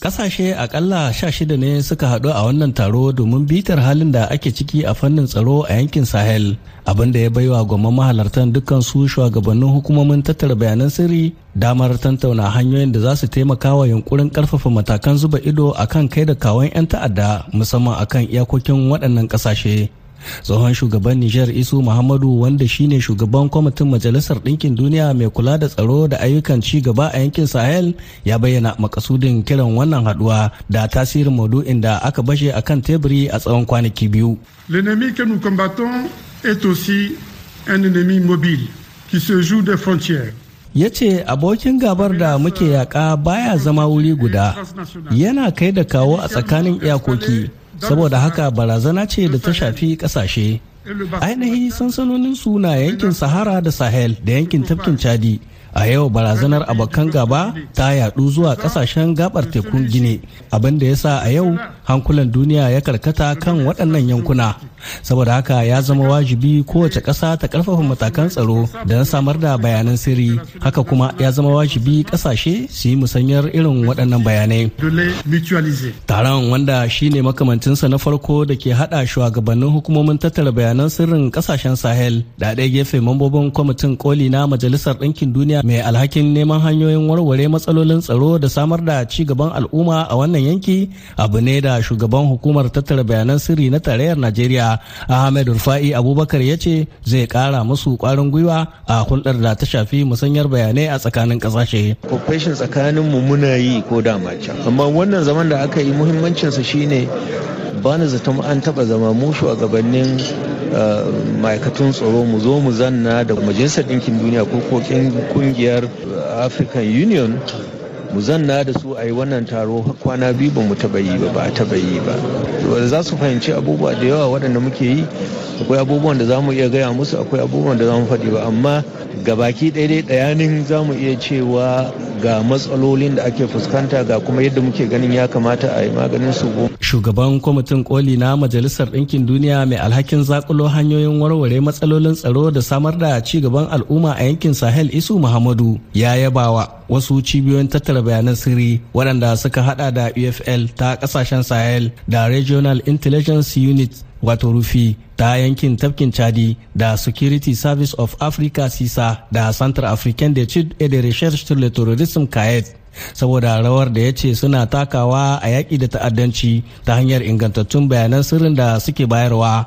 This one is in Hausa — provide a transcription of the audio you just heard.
Kasashe akalla shida ne suka haɗu a wannan taro domin bitar halin da ake ciki a fannin tsaro a yankin Sahel, abin da ya baiwa gwamman mahalartan dukkan su shugabannin hukumomin tattara bayanan sirri damar tantauna hanyoyin da za su taimaka wa yunkurin ƙarfafa matakan zuba ido akan kai da kawon 'yan ta'adda musamman akan iyakokin waɗannan ƙasashe. tsohon shugaban nijar isu muhammadu wanda shine shugaban kwamitin majalisar ɗinkin duniya mai kula da tsaro da ayyukan ci gaba a yankin sahel ya bayyana makasudin kiran wannan haduwa da tasirin maudu'in da aka bashe akan teburi a tsawon kwanaki biyu l'ennemi que nous combattons est aussi un ennemi mobile qui se joue des frontières ya ce abokin gabar da muke yaƙa baya zama wuri guda yana kai da kawo a tsakanin iyakoki saboda haka barazana ce da ta shafi kasashe ainihi sansanonin suna yankin sahara da sahel da yankin tafkin chadi a yau barazanar abokan gaba ta yadu zuwa kasashen gabar tekun gine abinda ya sa a yau hankulan duniya ya karkata kan waɗannan yankuna saboda haka ya zama wajibi kowace ƙasa ta ƙarfafa matakan tsaro da na samar da bayanan sirri haka kuma ya zama wajibi ƙasashe su yi musanyar irin waɗannan bayanai taron wanda shine makamancinsa na farko da ke haɗa shugabannin hukumomin tattara bayanan sirrin ƙasashen sahel da ɗaya gefe mambobin kwamitin koli na majalisar ɗinkin duniya mai alhakin neman hanyoyin warware matsalolin tsaro da samar da ci gaban al'umma a wannan yanki abu ne da A shugaban hukumar tattara bayanan sirri na tarayyar Najeriya Ahmed Rufai Abubakar ya ce zai kara musu kwarin gwiwa a hulɗar da ta shafi musanyar bayanai a tsakanin kasashe. Cooperation tsakanin mu muna yi ko da mace. Amma wannan zaman da aka yi muhimmancinsa shine bani zata an taba zama mu shugabannin eh, ma'aikatun tsaro mu zo mu zanna da majalisar ɗinkin duniya ko kokin kungiyar african union mu zanna da su a yi wannan taro kwana biyu ba mu taba yi ba ba a taɓa yi ba za su fahimci abubuwa da yawa waɗanda muke yi akwai abubuwan da za mu iya gaya musu akwai abubuwan da za mu faɗi ba amma gabaki ɗaya ɗayanin za mu iya cewa ga matsalolin da ake fuskanta ga kuma yadda muke ganin ya kamata a yi maganin su shugaban kwamitin koli na majalisar ɗinkin duniya mai alhakin zakulo hanyoyin warware matsalolin tsaro da samar da ci gaban al'umma a yankin sahel isu muhammadu ya yabawa wasu cibiyoyin tattara bayanan sirri waɗanda suka hada da ufl ta ƙasashen sahel da regional intelligence unit wato rufi ta yankin tafkin chadi da security service of africa sisa da central african de chid e de recherche sur terrorism kayet saboda rawar da ya ce suna takawa a yaƙi da ta'addanci ta hanyar ingantattun bayanan sirrin da suke bayarwa